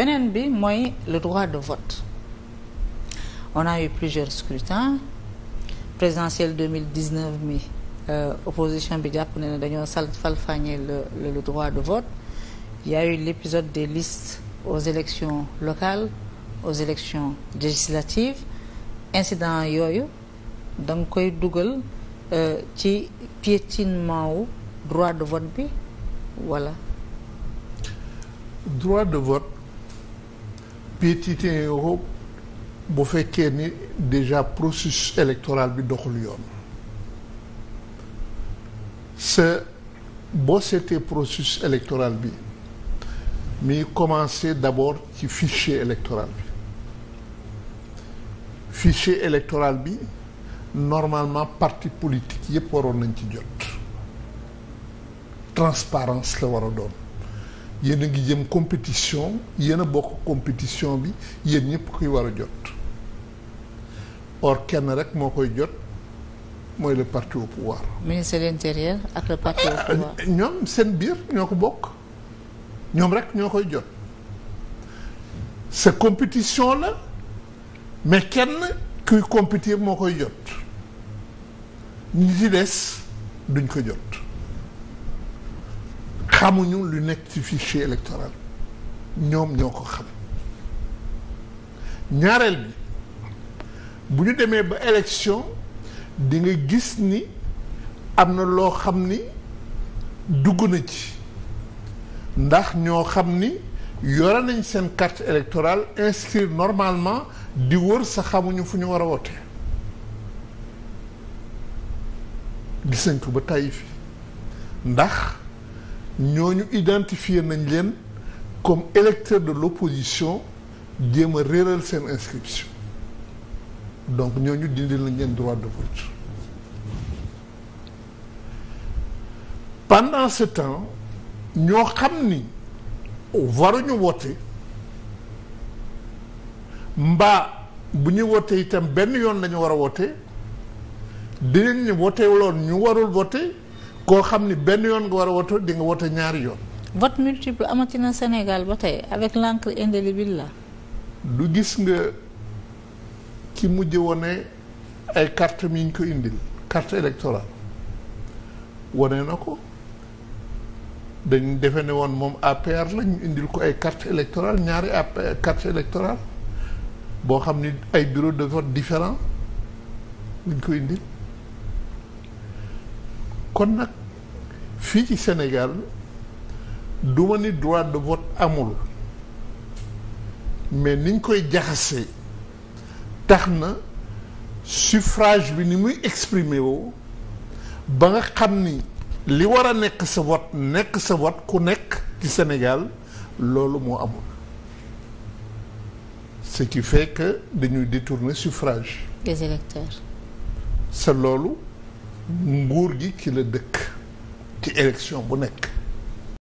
beneen bi mooy le droit de vote on a eu plusieurs scrutins présidentielle 2019 mi euh, opposition bi jàpp ne ne dañoo sal falfàñe le le droit de vote il y a eu l'épisode des listes aux élections locales aux élections législatives incident yooyu da koy dugal euh, ci piétinement wu droit de vote bi wala. droit de vote piétité yow bu fekkee ni déjà processus électoral bi doxul yoon sa boo seetee processus électoral bi mi commencé d'abord ci fichier électoral bi fichier électoral bi normalement parti politique yépp waroon nañ ci jot transparence la war doon yéen a ngi jëm compétition yéen a bokk compétition bi yéen ñëpp kuy war a jot or kenn rek moo koy jot mooy le parti au pouvoir. ministre de l'intérieur ak le parti au ah, ah, ñoom seen biir ñoo ko bokk ñoom rek ñoo koy jot sa compétition la mais kenn kuy compétir moo koy jot ñi ci des duñ ko jot. xamuñu lu nekk ci fichier électoral ñoom ñoo ko xam ñaareel bi bu ñu demee ba élection dinga gis ni am na loo xam ni dugg na ci ndax ñoo xam ni yore nañ seen carte électorale inscrire normalement di wër sa xamuñu fu ñu war a wote gis ko ba tàyyi fi ndax ñooñu identifier nañ leen comme électeur de l'opposition jéem a réeral seen inscription donc ñooñu dindi lañ leen droit de vote pendant ce ñoo xam ni waruñu woote mbaa bu ñuy woote itam benn yoon lañu war a woote dinañ ne woote ñu warul woote koo xam ni benn yoon nga war a woto di nga woto ñaari yoon. vote multiple amati na Sénégal ba tey avec l'encre indélébile la. du gis nga ki mujj wone ay carte mi ñu ko indil carte électorale wone na ko dañ defe ne woon moom APR la ñu indil ko ay carte électorale ñaari AP carte électorale boo xam ni ay bureau de vote différent lañ ko indil kon nag fii ci Sénégal du ma ni droit de vote amul mais niñ koy jaxase tax na suffrage bi ni muy exprimer woo ba nga xam ni li war a nekk sa vote nekk sa vote ku nekk ci Sénégal loolu moo amul ce qui fait que dañuy détourner suffrage des électeurs sa loolu nguur gi ci la dëkk ci élection bu nekk